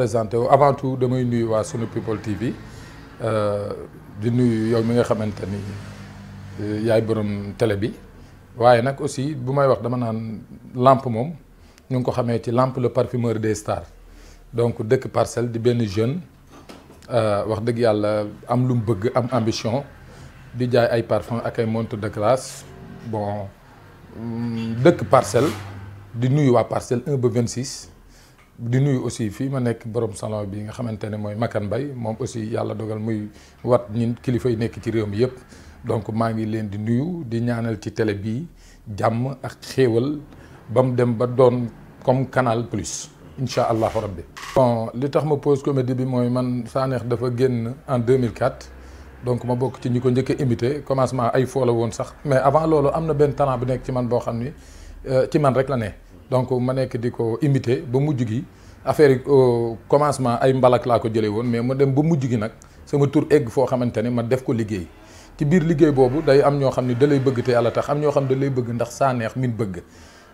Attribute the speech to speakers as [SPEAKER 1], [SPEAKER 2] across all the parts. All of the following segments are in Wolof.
[SPEAKER 1] présenté wu avant tout damay nuyu waa sunu People TV euh, di nuyu yow mi nga xamante ni euh, yaay borom télé bi waaye nag aussi bu may wax dama naan lamp moom ñu ngi ko xamee ci lampe le parfumeur des star donc dëkk parcelle di benn jeune euh, wax dëgg yàlla am lu mu bëgg am ambition di jaay ay parfum ak ay montre de classe bon mm, dëkk parcelle di nuyu waa parcelle 1 ba di nuyu aussi fii ma nekk borom salon bi nga xamante ne mooy Makan Bay moom aussi yàlla dogal muy wat ñun kilifa yi nekk ci réew mi yëpp donc maa ngi leen di nuyu di ñaanal ci télé bii jàmm ak xéewal ba mu dem ba doon comme Canal Plus incha allahu rabbi bon li tax ma pose comédie bi mooy man Sanekh dafa génn en deux mille 2004 donc ma bokk ci ñi ko njëkk a commencement ay foo la woon sax mais avant loolu am na benn talent bu nekk ci man boo xam ni euh, ci man rek la ne donc ma nekk di ko imiter ba mujj gi affaire yi euh, commencement ay mbalak laa ko jëlee woon mais ma dem ba mujj gi nag sama tur egg foo xamante ne ma def ko liggéey ci biir liggéey boobu day am ñoo xam ne da lay bëgg te yàlla tax am ñoo xam ne da bëgg ndax saa neex min bëgg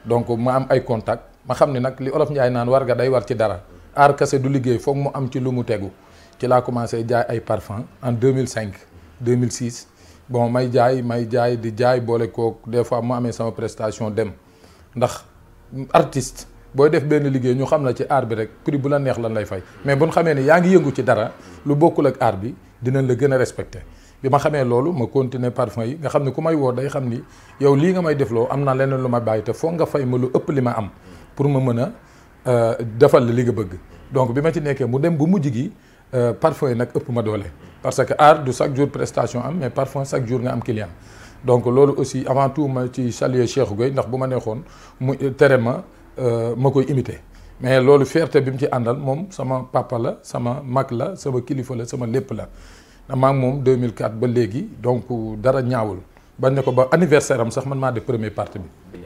[SPEAKER 1] donc ma am ay contact ma xam ni nag li olof Njaay naan war nga day war ci dara aar kase du liggéey foog mu am ci lu mu tegu ci laa commencé jaay ay parfum en 2005 2006 bon may jaay may jaay di jaay boole kook des fois mu amee sama prestation dem ndax. artiste booy def benn liggéey ñu xam na ci art bi rek prix bu la neex lan lay fay mais bu ñu xamee ne yaa ngi yëngu ci dara lu bokkul ak art bi dinañ la gën a respecté bi ma xamee loolu ma continuer parfum yi nga xam ne ku may woo day xam ni yow lii nga may defloo am na leneen lu ma bàyyi te foog nga fay ma lu ëpp li ma am pour ma mën a euh, defal la li nga bëgg donc bi ma ci nekkee mu dem bu mujj gi euh, parfum yi nag ëpp ma doole parce que art du chaque jour prestation am mais parfum chaque jour nga am client donc loolu aussi avant tout ma ci saluer Cheikh Gueye ndax bu ma neexoon mu tere ma euh, ma koy imiter mais loolu fierté bi mu ci àndal moom sama papa la sama mag la sama kilifa la sama lépp la maa ngi moom 2004 ba léegi donc dara ñaawul bañ ne ko ba anniversaire am sax man maa de premier partie bi.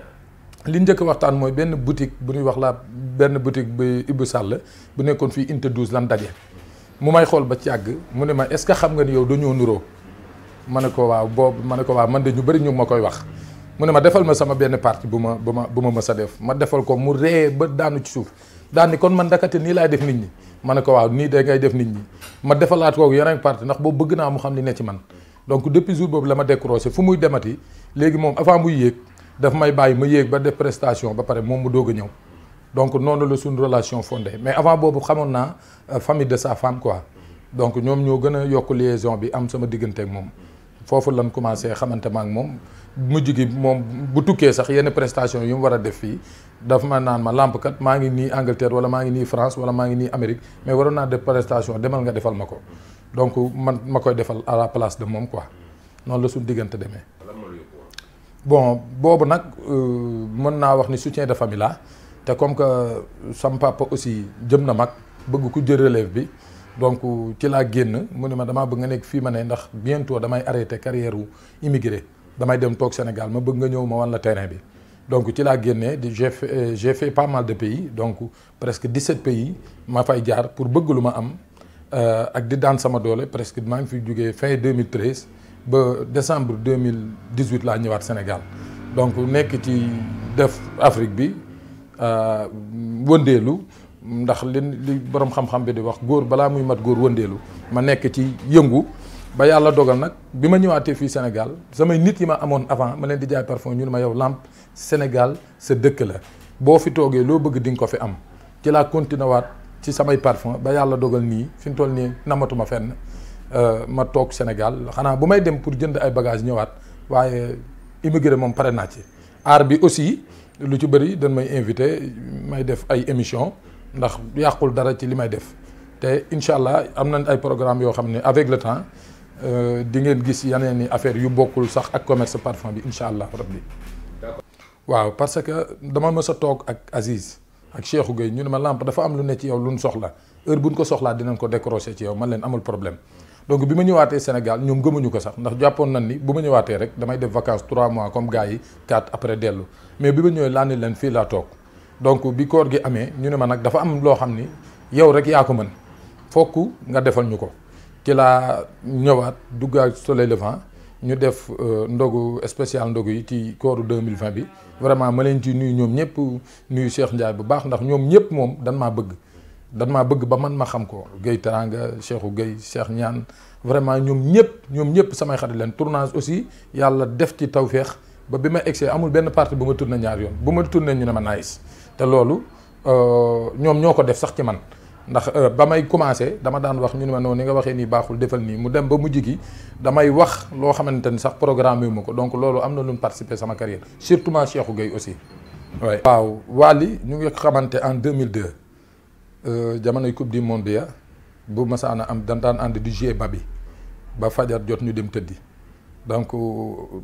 [SPEAKER 1] li njëkk waxtaan mooy benn boutique bu ñuy wax la benn boutique bi Ibou Sall bu nekkoon fii unité 12 lan daje. mu may xool ba ci àgg mu ne ma est-ce que xam nga ni yow dañoo nuroo. ma ne ko waaw boobu ma ne ko waaw man de ñu bëri ñu ma koy wax mu ne ma defal ma sama benn partie bu ma bu ma bu ma mës a def ma defal ko mu ree ba daanu ci suuf daani kon man ndakate nii laay def nit ñi ma ne ko waaw nii da ngay def nit ñi ma defalaat ko yeneen partie ndax boobu bëgg naa mu xam li ne ci man donc depuis jour boobu la ma décroché fu muy demati léegi moom avant muy yéeg daf may bàyyi ma yéeg ba def prestation ba pare moom mu doog a ñëw donc noonu la suñu relation fondée mais avant boobu xamoon naa euh, famille de sa femme quoi donc ñoom ñoo gën a yokk liaison bi am sama diggante ak moom foofu lan commencé xamante ma ak moom mujj gi moom bu tukkee sax yenn prestation yu mu war a def fii dafa ma naan ma lamp kat maa ngi nii Angleterre wala maa ngi nii France wala maa ngi nii Amérique mais waroon naa def prestation demal nga defal ma ko donc man ma koy defal à la place de moom quoi noonu la suñ diggante demee. bon boobu nag euh, mën naa wax ni soutien de famille la te comme que sam aussi jëm na mag bëgg ko jël relève bi. donc ci laa génn mu ne ma damaa bëgg nga nekk fii ma ne ndax bientôt damay arrêté carrière u immigré damay dem toog Sénégal ma bëgg nga ñëw ma wan la terrain bi donc ci laa génne di j'ai fait euh, j'ai mal de pays donc presque 17 pays ma fay jaar pour bëgg lu ma am euh, ak di daan sama doole presque maa ngi fi jógee fin 2013 ba décembre 2018 laa ñëwaat Sénégal donc nekk ci def Afrique bi euh, wëndeelu ndax li li borom xam-xam bi di wax góor balaa muy mat góor wëndeelu ma nekk ci yëngu ba yàlla dogal nag bi ma ñëwaatee fii Sénégal samay nit yi ma amoon avant ma leen di jaay parfum ñu ne ma yow Lamp Sénégal sa dëkk la boo fi toogee loo bëgg di ko fi am ci laa continué ci samay parfum ba yàlla dogal nii fi mu toll nii namatuma fenn euh, ma toog Sénégal xanaa bu may dem pour jënd ay bagages ñëwaat waaye immigré moom pare naa ci. aar bi aussi lu ci bëri dañ may invité may def ay émissions. ndax yàqul dara ci li may def te incha allah am nañ ay programme yoo xam ne avec le temps euh, di ngeen gis yeneen i affaire yu bokkul sax ak commerce parfum bi incha allah rabbi waaw parce que dama mës a toog ak Aziz ak Cheikhou Gueye ñu ne ma lampe dafa am lu ne ci yow lu ñu soxla heure bu ñu ko soxlaa dinañ ko décrocher ci yow man leen amul problème donc bi ma ñëwaatee Sénégal ñoom gëmuñu ko sax ndax jàppoon nañ ni bu ma ñëwaatee rek damay def vacances 3 mois comme gars yi 4 après dellu mais bi ma ñëwee laa leen fii laa toog. donc bi koor gi amee ñu ne ma nag dafa am loo xam ni yow rek yaa ko mën fokk nga defal ñu ko ci laa ñëwaat duggaat soleil vent ñu def euh, ndogu spécial ndogu yi ci kooru 2020 bi vraiment ma leen ci nuyu ñoom ñëpp nuyu Cheikh Ndiaye bu baax ndax ñoom ñëpp moom dan maa bëgg dan maa bëgg ba man ma xam ko Guèye Teranga Cheikhou Guèye Cheikh Ñaan vraiment ñoom ñëpp ñoom ñëpp samay xarit leen tournage aussi yàlla def ci tawféex ba bi ma egsee amul benn partie bu ma tourné ñaar yoon bu ma tourné ñu ne ma nice te loolu euh, ñoom ñoo ko def sax ci man ndax euh, ba may commencé dama daan wax ñu ne ma noonu ni nga waxee nii baaxul defal nii mu dem ba mu jiggi damay wax loo xamante ni sax programme yu ma ko donc loolu am na lu mu participer sama carrière surtout ma Cheikhou Gueye aussi. waaw Wally ñu ngi xamante en mille 2002 euh, jamonoy coupe du monde ya bu masaana am dañ daan ànd di jouer babi ba fajar jot ñu dem tëddi donc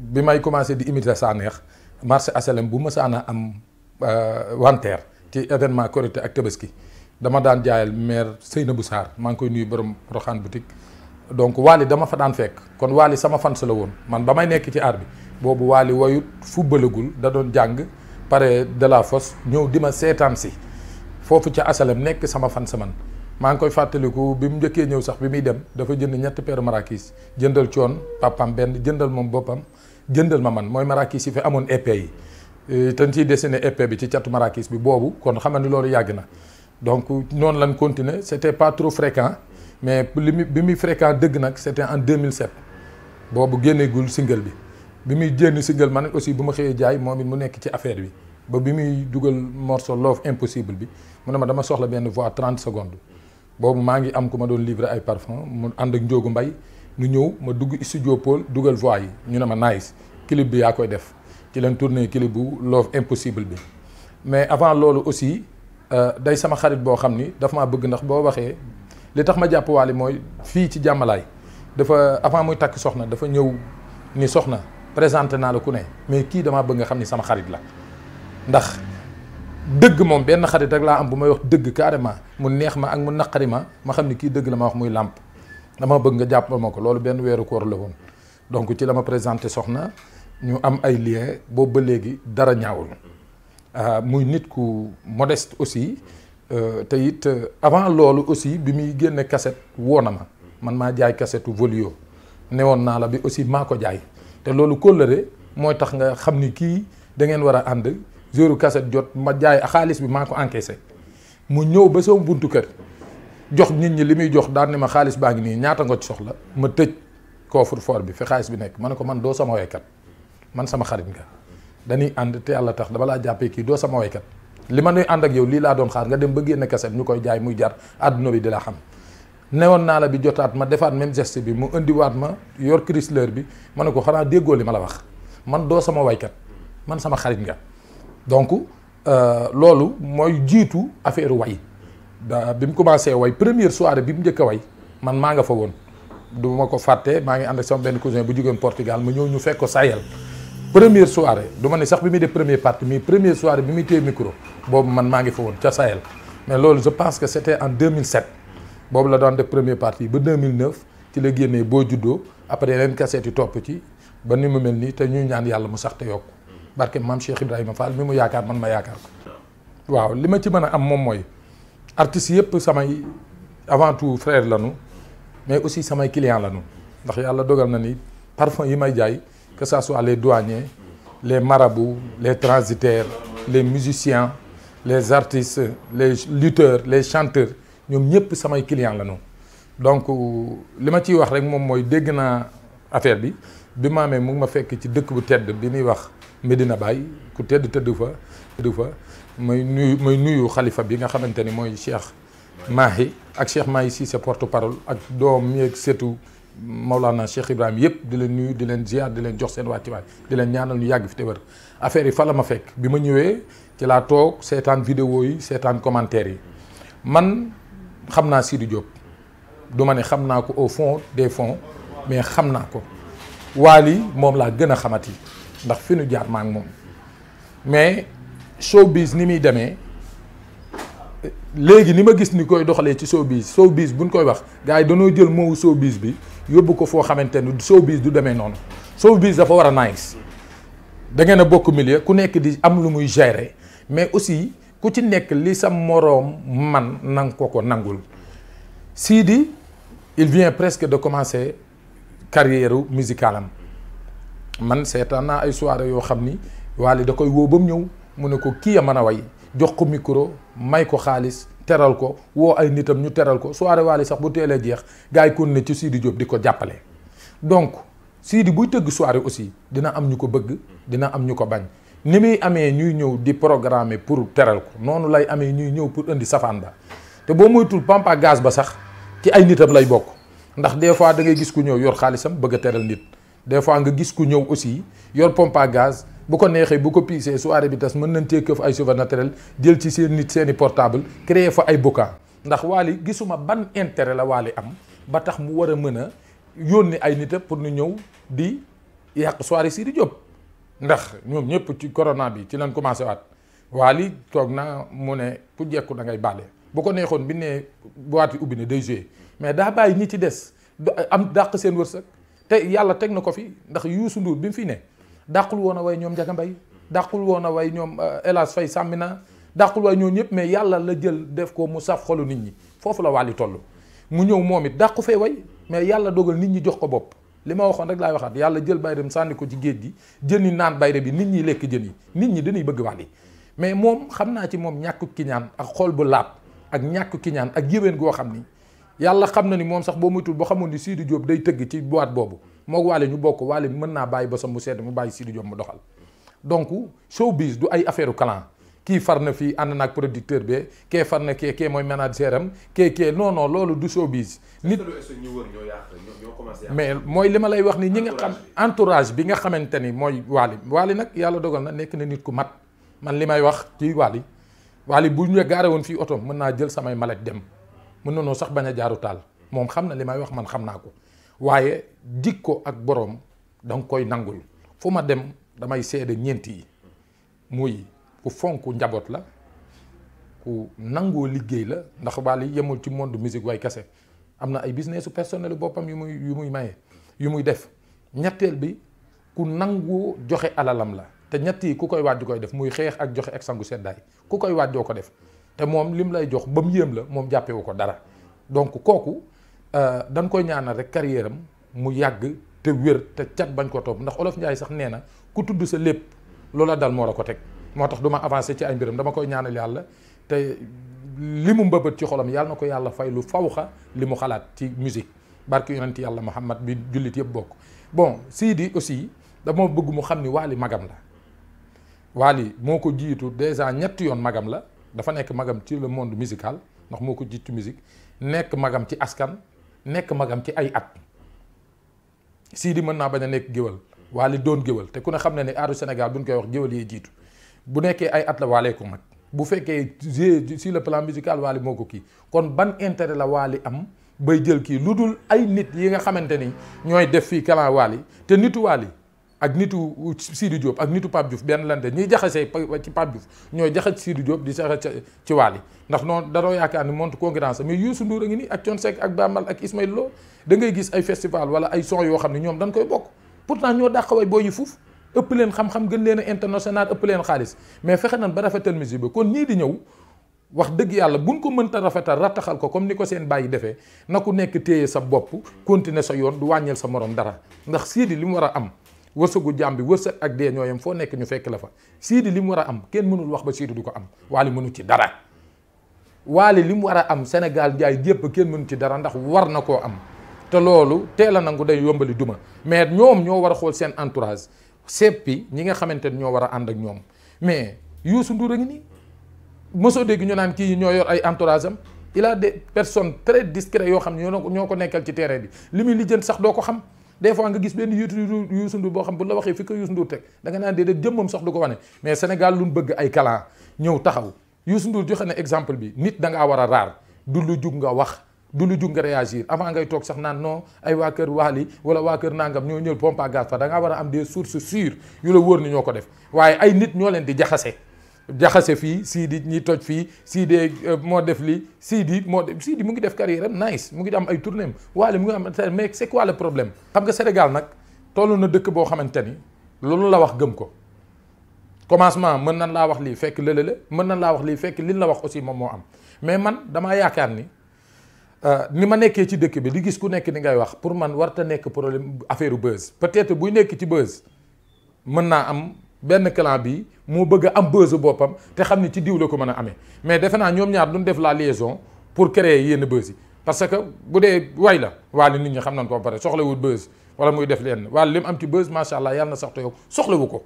[SPEAKER 1] bi may commencé di imiter Sanekh marché HLM bu masaana am. Euh, wanteer ci événement Korité ak Tabaski dama daan jaayal maire Seynabou saar maa ngi koy nuyu borom Roxaan boutique donc Waly dama fa daan fekk kon Waly sama fan fans la woon man ba may nekk ci aar bi boobu Waly wayut fubbalagul da doon jàng pare de la fosse ñëw di ma seetaan si foofu ca asalem nekk sama fans man maa ngi koy fàttaliku bi mu njëkkee ñëw sax bi muy dem dafa jënd ñetti paire marakis jëndal coon papam benn jëndal moom boppam jëndal ma man mooy marakis yi fi amoon épée te euh, ciy dessiné épée bi ci catu marakis bi boobu kon xam loolu yàgg na donc noonu lañ continuer c' était pas trop fréquent mais li mu bi muy fréquent dëgg nag c' était en 2007 boobu gul single bi bi muy génn single man aussi bu ma xëyee jaay moom it mu nekk ci affaire bi ba bi muy dugal morso Love Impossible bi mu ne ma dama soxla benn voix trent secondes boobu maa ngi am ku ma doon livrer ay parfum mu ànd ak Njóogu Mbay ñu ñëw ma dugg studio Paul dugal voix yi ñu ne ma nice clip bi yaa koy def. ci leen tourné clip bu love impossible bi mais avant loolu aussi euh, day sama xarit boo xam ni dafa maa bëgg ndax boo waxee li tax ma jàpp Wally mooy fii ci jàmmalaay dafa avant muy takk soxna dafa ñëw ni soxna présenté naa la ku ne mais kii damaa bëgg nga xam ni sama xarit la ndax dëgg moom benn xarit rek laa am bu may wax dëgg carrément mu neex ma ak mu naqari ma ma xam ni kii dëgg la ma wax muy làmp dama bëgg nga jàpp ma ko loolu benn weeru koor la woon donc ci la ma présenté soxna ñu am ay lien boobu ba léegi dara ñaawul ah, muy nit ku modest aussi euh, te it euh, avant loolu aussi bi muy génne cassette woo na ma man maa jaay cassettu ne woon naa la bi aussi maa ko jaay te loolu kóllëre mooy tax nga xam ni kii da war a ànd joru cassette jot ma jaay xaalis bi maa ko encaissé mu ñëw ba sama buntu kër jox nit ñi li muy jox daan ni ma xaalis baa ngi nii ñaata nga ci soxla ma tëj coffre-fort bi fi xaalis bi nekk ma ne ko man doo sama woykat man sama xarit nga dañuy ànd te yàlla tax dama laa jàppee kii doo sama waykat li ma nuy ànd ak yow lii laa doon xaar nga dem ba génne kaset ñu koy jaay muy jar àdduna bi di la xam woon naa la bi jotaat ma defaat même geste bi mu indiwaat ma yor chrysler bi ma ne ko xanaa déggoo li ma la wax man doo sama waykat man sama xarit nga donc euh, loolu mooy jiitu affaire way bi mu commencé way première soirée bi mu njëkk way man maa nga fa woon du ko fàtte maa ngi ànd ak sama benn bu jógeen Portugal ma ñëw ñu fekk ko Sahel première soirée du ma ne sax bi muy def premier parti mais première soirée bi muy téye micro boobu man maa ngi fa woon ca Sahel mais loolu je pense que c' était en 2007 boobu la doon def premier parti ba 2009 ci la génnee boo juddoo après yeneen kaseet yi topp ci ba ni mu mel nii te ñuy ñaan yàlla mu sax te yokk barke maam Cheikh Ibrahima Fall mi mu yaakaar man ma yaakaar ko waaw li ma ci mën a am moom mooy artistes yëpp samay avant tout frère lanu mais aussi samay client lanu ndax yàlla dogal na ni parfum yi may jaay. que ça soit les douaniers les marabouts les transitaires les musiciens les artistes les lutteurs les chanteurs ñoom ñëpp samay clients la ñu donc li ma ciy wax rek moom mooy dégg na affaire bi bi ma amee mu ma fekk ci dëkk bu tedd bi ñuy wax Medina Baye ku tedd tëdd fa tëdd fa may nuyu may nuyu xalifa bi nga xamante ni mooy Cheikh Mahi ak Cheikh Mahi si sa porte parole ak doom yeeg setu Maulana Cheikh Ibrahima yëpp di leen nuyu di leen ziar di leen jox seen wàccuwaay di leen ñaanal ñu yàgg fi te wér affaire yi fa la ma fekk bi ma ñëwee ci laa toog seetaan vidéo yi seetaan commentaire yi man xam naa Sidi Diop du ma ne xam naa ko au fond des fonds mais xam naa ko Wally moom laa gën a xamati ndax fi nu jaar maa moom mais bis ni muy demee léegi ni ma gis ni koy doxalee ci bis showbiz showbiz buñ koy wax gaa yi dañoo jël moowu showbiz bi. yóbbu ko foo xamante ni showbiz du demee noonu showbiz dafa war a nice da ngeen a bokk milieu ku nekk di am lu muy gérer mais aussi ku ci nekk li sa moroom man nang ko ko nangul di il vient presque de commencer carrière musicale am man seetaan naa ay soirée yoo xam ni Wally da koy woo ba ñëw mu ne ko kii a mën a way jox ko micro may ko xaalis teral ko woo ay nitam ñu teral ko soirée Wally sax bu teelee jeex gars yi kon ne ci Sidi Diop di ko jàppale donc Sidi buy tëgg soirée aussi dina am ñu ko bëgg dina am ñu ko bañ ni muy amee ñuy ñëw di programmer pour teral ko noonu lay amee ñuy ñëw pour indi safaan ba te boo moytul pompe à ba sax ci ay nitam lay bokk ndax des fois da ngay gis ku ñëw yor xaalisam bëgg teral nit des fois nga gis ku ñëw aussi yor pompa à gaz bu ko neexee bu ko piisee soirée bi tas mën nañ cee këf ay cheveux naturels jël ci seen nit seeni portable créer fa ay bokkaat ndax Wally gisuma ban intérêt la Wally am ba tax mu war a mën a yónni ay nit pour nu ñëw di yàq si Sidi Diop ndax ñoom ñëpp ci corona bi ci lañ commencé waat Wally toog naa mu ne ku jekku da ngay bàlle bu ko neexoon bi ne boîte yi ubbi na day joué mais daa bàyyi ñi ci des am dàq seen wërsëg te yàlla teg na ko fi ndax Youssou Ndour bi fi ne. dàqul woon a way ñoom Njaga Mbay dàqul woon a way ñoom euh, Elas Fay Sàmmina dàqul way ñoo ñëpp mais yàlla la jël def ko mu saf xolu nit ñi foofu la wàlli toll mu ñëw moom it dàqu fay way mais yàlla dogal nit ñi jox ko bopp li ma waxoon rek laay waxaat yàlla jël bayrem sànni ko ci géej gi jën yi naan bayre bi nit ñi lekk jën yi nit ñi dañuy bëgg wàlli mais moom xam naa ci moom ñàkk kiñaan ak xol bu laab ak ñàkk kiñaan ak yéwén goo xam ni yàlla xam na ni moom sax boo moytul boo xamoon ni Sidi Diop day tëgg ci boîte boobu moog waale ñu bokk waale mën naa bàyyi ba sam mu sedd mu bàyyi Sidi Diop mu doxal donc showbiz du ay affaire clan kii far na fii ànd naag producteur bi kee far na kee kee mooy manager am kee kee non loolu du showbiz. nit mais mooy li ma lay wax ni ñi nga xam entourage bi nga xamante ni mooy waali waali nag yàlla dogal na nekk na nit ku mat man li may wax ci waali waali bu ñu gaare woon fii oto mën naa jël samay malet dem mën na noo sax bañ a jaaru taal moom xam na li may wax man xam naa ko ko ak boroom da koy nangul fu ma dem damay seede ñeent yi muy ku fonk njaboot la ku nangoo liggéey la ndax yi yemul ci monde musique way kese am na ay business su personnel boppam yu muy yu muy maye yu muy def ñetteel bi ku nangoo joxe alalam la te ñett ku koy waaj koy def muy xeex ak joxe ak sangu seddaay ku koy waaj ko def te moom lim lay jox ba mu yéem la moom jàppewu ko dara donc kooku euh, dañ koy ñaanal rek carrière mu yàgg te wér te cat bañ ko topp ndax olof Njaay sax nee na ku tudd sa lépp loola dal moo la ko teg moo tax duma avancé ci ay mbiram dama koy ñaanal yàlla te li mu mbëbët ci xolam yàlla na ko yàlla fay lu fawxa li mu xalaat ci musique barki yonent yàlla Muhammad bi jullit yëpp bokk bon Sidi aussi dama bëgg mu xam ni Waly magam la Waly moo ko jiitu déjà ñetti yoon magam la dafa nekk magam ci le monde musical ndax moo ko jiitu musique nekk magam ci askan nekk magam ci ay at di mën naa bañ a nekk géwal Wally doon géwal te ku ne xam ne ne aaru Sénégal bu ñu wax géwal yee jiitu bu nekkee ay at la waalee ko mag bu fekkee sur le plan musical Wally moo ko kii kon ban intérêt la waali am bay jël kii lu dul ay nit yi nga xamante ni ñooy def fii kalan Wally te nitu Wally ak nitu Sidi Diop ak nitu Pape Diouf benn lante ñiy jaxasee ci Pape Diouf ñooy jaxas Sidi Diop di jaxas ci Wally ndax noonu daroo yaakaar ni monte concurrence mais Youssou Ndour a ngi nii ak Thione Seck ak Bamal ak Ismaël Lo da gis ay festival wala ay son yoo xam ne ñoom dañ koy bokk pourtant ñoo dàqaway booy yi fuuf ëpp leen xam-xam gën leen a international ëpp leen xaalis mais fexe nañ ba rafetal musique bi kon nii di ñëw wax dëgg yàlla buñ ko mënta rafetal rattaxal ko comme ni ko seen bàyyi defee na ku nekk téye sa bopp continuer sa yoon du wàññil sa morom dara ndax Sidi li mu war a am wërsëgu jàmm bi wërsëg ak dee ñooyam foo nekk ñu fekk la fa Sidi li mu war a am kenn mënul wax ba Sidi du ko am waali mënu ci dara waale li mu war a am Sénégal jaay jépp kenn mënu ci dara ndax war na koo am te loolu teel a nangu day yombali duma mais ñoom ñoo war a xool seen entourage seppi ñi nga xamante ne ñoo war a ànd ak ñoom mais Youssou Ndour a ngi nii mosoo dégg ñu naan kii ñoo yor ay entourage am il a des personnes très discrètes yoo xam ñoo ko nekkal ci terrain bi li muy lijjën sax doo ko xam des fois nga gis benn YouTube Youssou Ndour boo xam bu la waxee fi ko Youssou Ndour teg da nga naan déedéet jëmmam sax du ko wane mais Sénégal lu bëgg ay kalan ñëw taxaw Youssou ndu joxe ne exemple bi nit da war a raar du lu jug nga wax du lu jug nga réagir avant ngay toog sax naan non ay waa kër Waali wala waa kër nangam ñoo ñëw pompe à gaz fa da war a am des source sûres yu la wóor ni ñoo ko def waaye ay nit ñoo leen di jaxase jaxase fii Sidi ñi toj fii Sidi eh, moo def lii Sidi moo def Sidi mu ngi def carrière am nice mu ngi am ay tournée am waale mu ngi am mais c'est quoi le problème xam nga Sénégal nag toll na dëkk boo xamante ni loolu la wax gëm ko commencement mën nan laa wax lii fekk lëlële mën nan laa wax lii fekk liñ la wax aussi moom moo am mais man damaa yaakaar ni euh, ni ma nekkee ci dëkk bi di gis ku nekk ni ngay wax pour man warta nekk problème affaire buzz peut-être buy nekk ci buzz mën naa am benn clan bi moo bëgg a am buzz boppam te xam ni ci diw la ko mën a amee mais defe naa ñoom ñaar duñ def la liaison pour créer yenn buzz yi parce que bu dee way la waali nit ñi xam nañ ko ba pare soxlawul buzz wala muy def lenn waali li mu am ci buzz macha allah yàlla na sax te yow soxlawu ko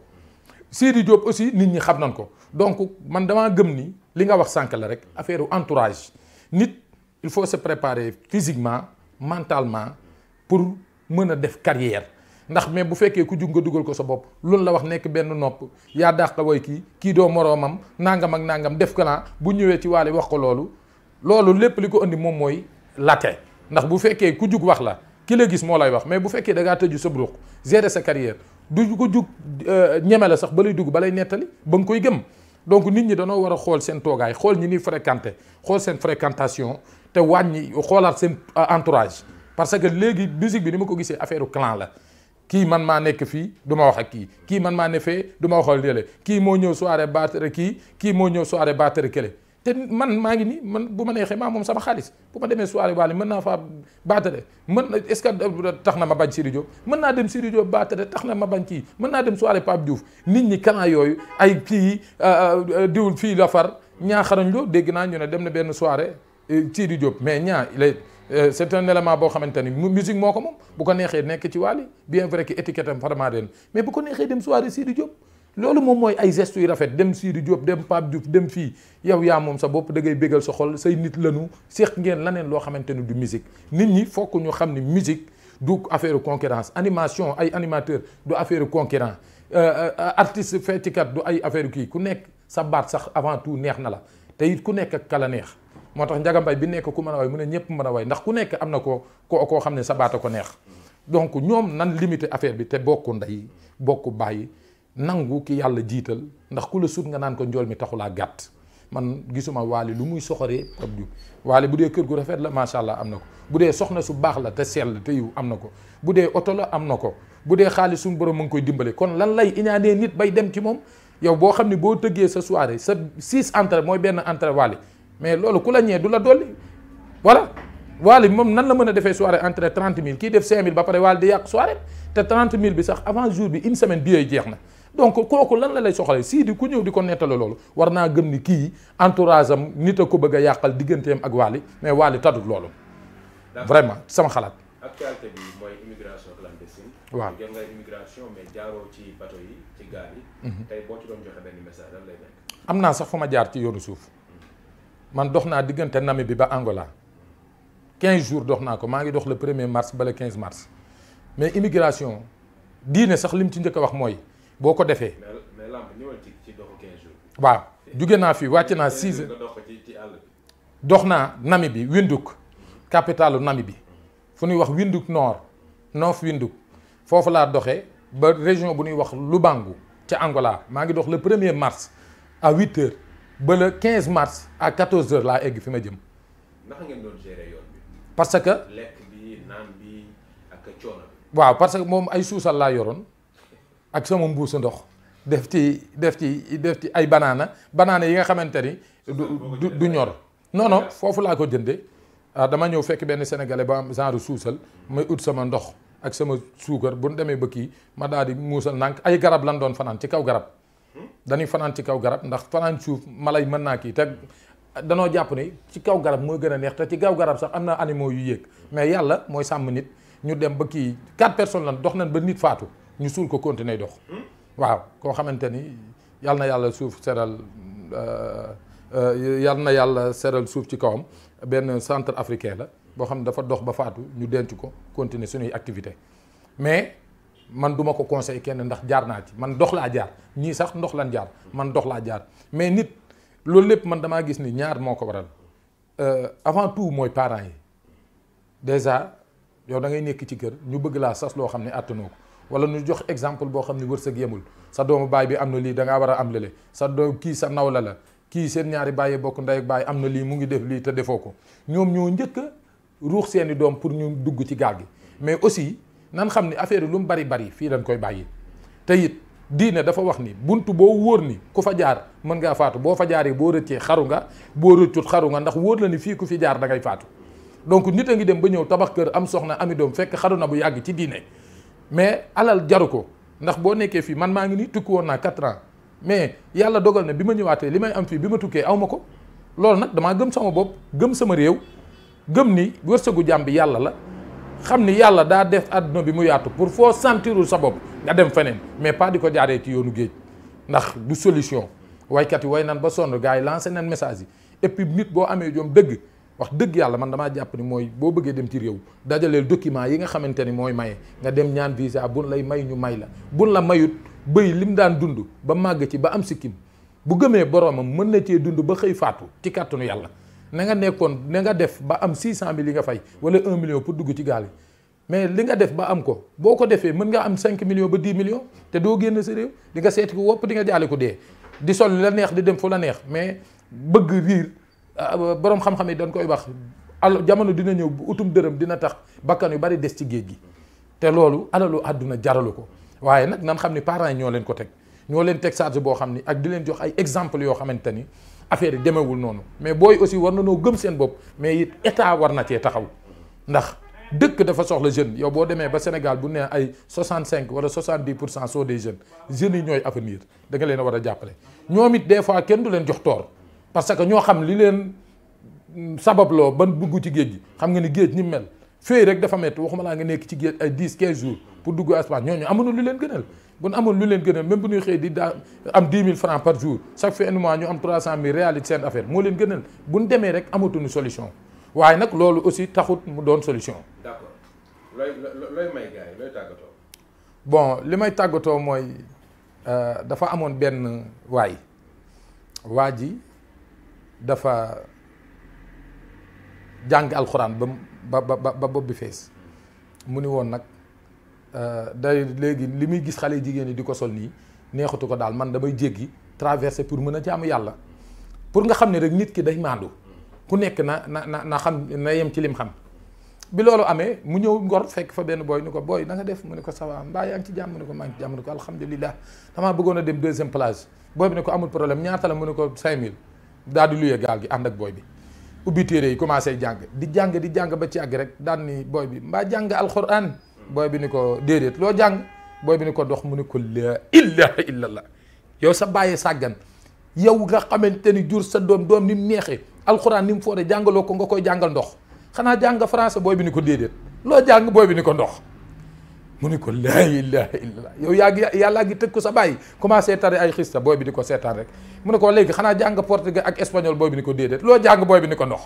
[SPEAKER 1] Sidi Diop aussi nit ñi xam nañ ko donc man damaa gëm ni li nga wax sànq la rek affaire entourage nit il faut se préparer physiquement mentalement pour mën a def carrière ndax mais bu fekkee ku jug nga dugal ko sa bopp loolu la wax nekk benn nopp yaa dàq way kii kii doo moroomam nangam ak nangam def ko naa bu ñëwee ci waale wax ko loolu loolu lépp li ko indi moom mooy latte ndax bu fekkee ku jug wax la ki la gis moo lay wax mais bu fekkee da ngaa tëju sa bruux gérer sa carrière du ko jug euh, ñeme la sax ba lay dugg balay nettali ba nga koy gëm donc nit ñi danoo war a xool seen toogaay xool ñi ni fréquenté xool seen fréquentation te wàññi xoolaat seen euh, entourage parce que léegi musique bi ni ma ko gisee affaire clan la kii man maa nekk fii duma ma wax ak kii kii man maa ne fee du ma waxal kii moo ñëw soirée baatere kii kii moo ñëw soirée baatere kële te man maa ngi nii man bu ma neexee maa moom sama xaalis bu ma demee soirée waale mën naa faa baatere mën est-ce que euh, tax na ma bañ Sidi Diop mën naa dem Sidi Diop baatere tax na ma bañ kii mën naa dem soirée Pape Diouf nit ñi kanaa yooyu ay kii euh, euh, diwul fii la far ñaaxarañ loo dégg naa ñu ne dem na benn soirée Sidi Diop mais ñaa Euh, c'est un élément boo xamante ni musique moo ko moom bu ko neexee nekk ci Wally bien vrai que étiquette am vraiment den mais bu ko neexee dem soirée Sidi Diop loolu moom mooy ay gestes yu rafet dem Sidi Diop dem Pape Diouf dem fii yow yaa moom sa bopp da ngay bégal sa xol say nit lanu seq ngeen laneen loo xamante ni du musique nit ñi fokk ñu xam ni musique du affaire concurrence animation ay animateur du affaire concurrence euh, euh, artiste feccikat du ay affaire kii ku nekk sa baat sax avant tout neex na la te ku nekk kala neex moo tax Ndiaga bi nekk ku mën a way mu ne ñëpp mën a way ndax ku nekk am na ko ko koo xam ne sa baata ko neex donc ñoom nan limité affaire bi te bokk ndey bokk bàyyi nangu ki yàlla jiital ndax ku la sut nga naan ko njool mi taxulaa gàtt man gisuma waali lu muy soxoree Pape Diouf waali bu dee kër gu rafet la macha allah am na ko bu dee soxna su baax la te sell te yiw am na ko bu dee oto la am na ko bu dee xaalis suñu borom mu ngi koy dimbale kon lan lay iñaanee nit bay dem ci moom yow boo xam ne boo tëggee sa soirée sa six entrée mooy benn entrée waali mais loolu ku la ñee du la dolli voilà waali moom nan la mën a defee soirée entre trente mille kii def cinq mille ba pare waali di yàq soirée te trente mille bi sax avant jour bi une semaine bi jeex na donc kooku lan la lay soxla sii di ku ñëw di ko nettali loolu war naa gëm ni kii entourage am nit a ko bëgg a yàqal digganteem ak waali mais waali tadut loolu vraiment sama xalaat actualité bi mooy immigration clandestine waaw jël nga immigration mais jaaroo ci bateau yi ci gaal yi mhm. tey boo ci doon joxe am naa sax fu ma jaar ci yoonu suuf man dox naa diggante Namibie bi ba Angola quinze jours dox naa ko maa ngi dox le premier mars ba le 15 mais immigration diine sax li mu ci njëkk a wax mooy boo ko defee. mais mais Lamp ñëwal waaw jóge naa fii wàcc naa 6 dox naa Namibie Windhoek capitalu Namibie fu ñuy wax Windhoek Nord North Windhoek foofu laa doxee ba région bu ñuy wax lu Lubangu ca Angola maa ngi dox le premier mars à huit heures. ba le mars à 14h laa egg fi ma jëm. naka ngeen yoon parce que lekk waaw parce que moom ay suusal laa yoroon ak sama mbuusu ndox def ci def ci def ci ay banaana banaana yi nga xamante ni du du ñor. non foofu laa ko jëndee ah, dama ñëw fekk benn sénégalais ba am genre suusal may ut sama ndox ak sama suukar bu nu demee ba kii ma daal di muusal nànk ay garab lan doon fanaan ci kaw garab. dañuy fanaan ci kaw garab ndax fanaan suuf malay mën naa kii te danoo jàpp ne ci kaw garab mooy gën a neex te ci kaw garab sax am na animaux yu yéeg mais yàlla mooy sàmm nit ñu dem ba kii quatre personnes lan dox nañ ba nit faatu ñu suul ko continuer dox waaw koo xamante ni yàlla na yàlla suuf seral euh, euh, yàlla na yàlla seral suuf ci kawam benn centre africain la boo xam ne dafa dox ba faatu ñu denc ko continuer suñuy activité man duma ko conseil kenn ndax jaar naa ci man dox laa jaar ñii sax ndox lan jaar man dox laa jaar mais nit loolu lépp man damaa gis ni ñaar moo ko waral euh, avant tout mooy parents yi déjà yow da ngay nekk ci kër ñu bëgg laa sas loo xam ne àttanoo ko wala ñu jox exemple boo xam ne wërsëg yemul sa doomu baay bi am na lii da ngaa war a am lële sa doom kii sa nawla la kii seen ñaari bàyyi bokk ndey ak am na lii mu ngi def lii te defoo ko ñoom ñoo njëkk ruux seeni doom pour ñu dugg ci gaal gi nan xam ni affaire yi lu mu bari bari fii dañ koy bàyyi te it diine dafa wax ni bunt boo wóor ni ku fa jaar mën ngaa faatu boo fa jaaree boo rëccee xaru nga boo rëccut xaru nga ndax wóor la ni fii ku fi jaar da ngay faatu donc nit a ngi dem ba ñëw tabax kër am soxna ami doom fekk xaru na bu yàgg ci diine mais alal jaru ko ndax boo nekkee fii man maa ngi ni tukki woon naa quatre ans mais yàlla dogal na bi ma ñëwaatee li may am fii bi ma tukkee aw ma ko loolu nag damaa gëm sama bopp gëm sama réew gëm ni wërsëgu jàmm bi yàlla la xam ni yàlla daa def àdduna bi mu yaatu pour foo sentirul sa bopp nga dem feneen mais pas di ko jaaree ci yoonu géej ndax du solution waykat yi way nan ba sonn gars yi lancé nan message yi et puis nit boo amee dëgg wax dëgg yàlla man damaa jàpp ni mooy boo bëggee dem ci réew dajaleel document yi nga xamante ni mooy maye nga dem ñaan visa bun lay may ñu may la bun la mayut bëy mu daan dund ba màgg ci ba am sikkim bu gëmee boromam mën na cee dund ba xëy faatu ci kàttanu yàlla na nga nekkoon na nga def ba am cent 600000 yi nga fay wala un million pour dugg ci gaal gi mais li nga def ba am ko boo ko defee mën nga am cinq millions ba 10 millions te doo génn sa réew di nga seeti ko wopp di nga jaale ko dee di sol la neex di dem fu la neex mais bëgg riir ah, borom xam-xam yi dañ koy wax al jamono dina ñëw bu utum dërëm dina tax bakkan yu bari des ci géej gi te loolu alalu àdduna jaralu ko waaye nag nan xam ni parents yi leen ko teg ñoo leen teg boo xam ni ak di leen jox ay exemples yoo xamante ni affaire yi demewul noonu mais booy aussi war na noo gëm seen bopp mais it état war na cee taxaw ndax dëkk dafa soxla jeune yow boo demee ba Sénégal bu nee ay 65 wala 70 pour cent sont des jeunes jeunes yi ñooy avenir da leen war a jàppale ñoom it des kenn du leen jox toor parce que ñoo xam li leen sababloo ban bugg ci géej gi xam nga ni géej ni mel feuille rek dafa métti waxuma laa nga nekk ci géej ay 10 15 jours pour dugg espace ñooñu amuñu lu leen gënal bu amoon lu leen gënal même bu ñuy xëy di daa am 10 000 francs par jour chaque fin de mois ñu am 300 000 réalité seen affaire moo leen gënal bu nu demee rek amatuñu solution waaye nag loolu aussi taxut mu doon solution. looy may gars looy tàggatoo. bon li may tàggatoo mooy euh, dafa amoon benn waay waa ji dafa jàng alxuraan ba ba ba ba bi fees mu ni woon nag. Euh, day léegi li muy gis xale jigéen yi di ko sol nii neexatu ko daal man damay jéggi traversé pour mën a jaamu yàlla pour nga xam ne rek nit ki day maandu ku nekk na na na na xam na yem ci lim xam bi loolu amee mu ñëw ngor fekk fa benn booy ni ko booy na nga def mu ne ko ça va mbaa yaa ci jàmm mu ne ko maa ngi ci jàmm mu ne ko alhamdulilah damaa bëggoon dem deuxième plage booy bi ne ko amul problème ñaata la mu ne ko 5000 daal di luyee gaal gi ànd ak booy bi ubbi yi commencé jàng di jàng di jàng ba ci àgg rek daan bi mbaa jàng alxuraan booy bi ni ko déedéet loo jàng booy bi ni ko dox mu ni ko laa ilaha yow sa bàyyi sàggan yow nga xamante ni jur sa doom doom ni neexee alxuraan ni mu foore jàngaloo ko nga koy jàngal ndox xanaa jàng français booy bi ni ko déedéet loo jàng booy bi ni ko ndox mu ni ko laa ilaha illallah yow yaa ngi yàllaa ngi tëkku sa bàyyi commencé tari ay xista booy bi di ko seetaan rek mu ne ko léegi xanaa jàng portugais ak espagnol booy bi ni ko déedéet loo jàng booy bi ni ko ndox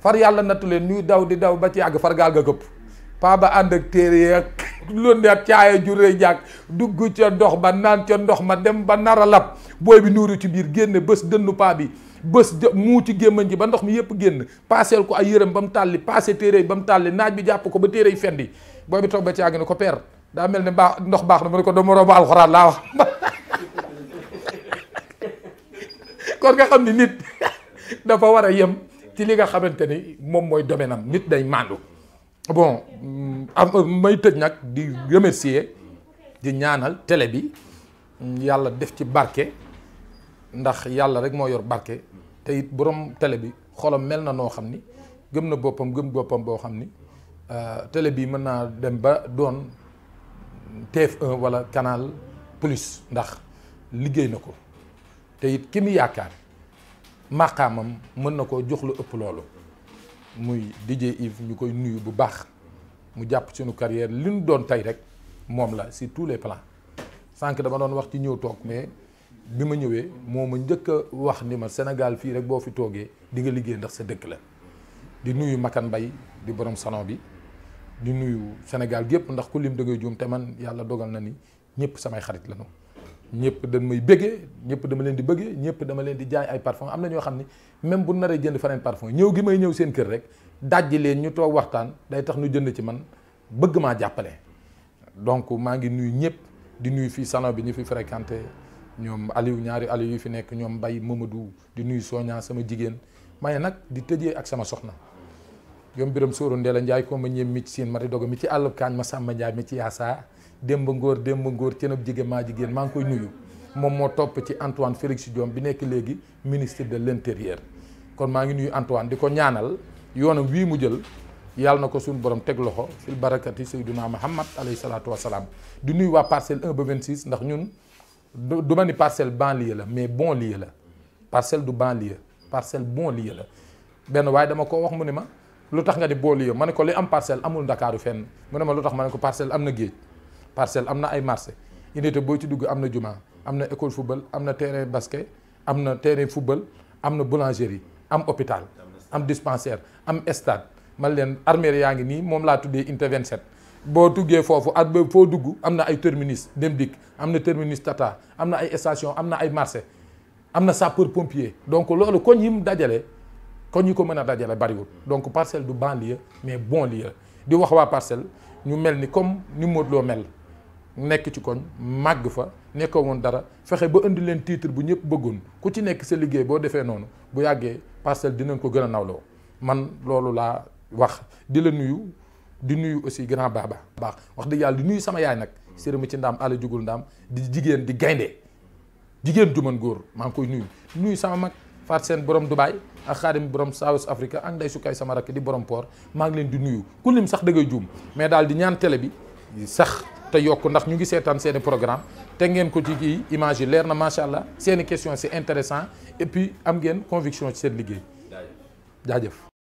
[SPEAKER 1] far yàlla nattu leen ñuy daw di daw ba ci yàgg far gaal ga këpp paa ba ànd ak téere ya loon de caaya juré jàkk dugg ca ndox ba naan ca ndox ma dem ba nara a lab booy bi nuuru ci biir génn bës dënnu paa bi bés muu ci gémmañ ji ba ndox mi yépp génn paaseel ko ay yërëm ba mu tàlli paase téere ba mu tàlli naaj bi jàpp ko ba téere yi fendi booy bi toog ba ci àgg ne ko père daa mel ni baax ndox baax na mu ne ko dama romb alxuraan laa wax kon nga xam ni nit dafa war a yem ci li nga xamante ni moom mooy domaine am nit day màndu bon mm, euh, may tëj nag di remercier di ñaanal télé bi mm, yàlla def ci barke ndax yàlla rek moo yor barke te it borom télé bi xolam mel na noo xam ni gëm na boppam gëm boppam boo xam ni euh, télé bi mën naa dem ba doon TF1 wala kanaal plus ndax liggéey na ko te it ki mu yaakaar maqaamam mën na koo jox lu ëpp loolu muy DJ Yves ñu koy nuyu bu baax mu jàpp suñu carrière li ñu doon tey rek moom la si tous les plans sànq dama doon wax ci ñëw toog mais bi ma ñëwee moo ma njëkk a wax ni ma Sénégal fii rek boo fi toogee di liggéey ndax sa dëkk la di nuyu Makan bay di borom salon bi di nuyu Sénégal gépp ndax ku lim da ngay juum te man yàlla dogal na ni ñëpp samay xarit la ñu ñëpp dañ may bëggee ñëpp dama leen di bëggee ñëpp dama leen di jaay ay parfum am na ñoo xam ni même bu naree jënd faneen parfum ñëw gi may ñëw seen kër rek dajji leen ñu toog waxtaan day tax ñu jënd ci man bëgg maa jàppale. donc maa ngi nuyu ñëpp di nuyu fii salon bi ñu fi fréquenté ñoom Aliou ñaari Aliou yu fi nekk ñoom mbay Mbaye du di nuyu Soña sama jigéen maye nag di tëjee ak sama soxna. yom biram sóoru Ndéla Ndiaye ko ma ñeem mi ci siin ma di dogo mi ci àllub kaañ ma sàmma Ndiaye mi ci yaasaa démb ngóor démb ngóor cenab jigéen maa jigéen maa ngi koy nuyu moom moo topp ci Antoine Félix Diome bi nekk léegi ministre de l'intérieur kon maa ngi nuy Antoine di ko ñaanal yoonam wii mu jël yàlla na ko suñu borom teg loxo fil barakati sayyiduna Muhammad alayhi salaatu wasalaam di nuyu waa parcelle 1 ba 26 ndax ñun du ma ni parcelle banlieue la mais bon lieu la parcel du banlieue parcelle bon lieu la benn waaye dama ko wax mu ne ma lu tax nga di bon lieu ma ne ko li am parcelle amul ndakaaru fenn mu ne ma lu tax ma ne ko parcelle am na géej parcelle am na ay marché unité boo ci dugg am na jumaa am na école football am na terrain basket am na terrain football am na boulangerie am hôpital am dispensaire am stade man leen armée yaa ngi nii moom laa tuddee unité 27 boo tuggee foofu at ba foo dugg am na ay terminus dem dikk am na terminus tata am na ay estation am na ay marché am na sapeur pompier donc loolu koñ yi mu dajale koñ yi ko mën a dajale bariwul donc parcelle du banlieue mais bon lieu di wax waa parcelle ñu mel ni comme ni Modou Lo mel nekk ci koñ màgg fa nekkoo woon dara fexe ba indi leen titre bu ñëpp bëggoon ku ci nekk sa liggéey boo defee noonu bu yàggee parcelle dinañ ko gën a nawloo man loolu laa wax di la nuyu di nuyu aussi grand baba baax wax dëgg yàlla di nuyu sama yaay nag sërëma ci ndaam àll jugul ndaam di jigéen di gaynde jigéen ju mën góor maa ngi koy nuyu nuyu sama mag faat seen borom Dubaay ak xaadim borom South Africa ak nday sukay sama rakk di borom port maa ngi di nuyu ku lim sax da ngay juum mais daal di ñaan télé bi sax te yokk ndax ñu ngi seetaan seen programme te ngeen ko ci kii image yi leer na macha allah seen i question c'est intéressant et puis am ngeen conviction ci seen liggéey jaajëf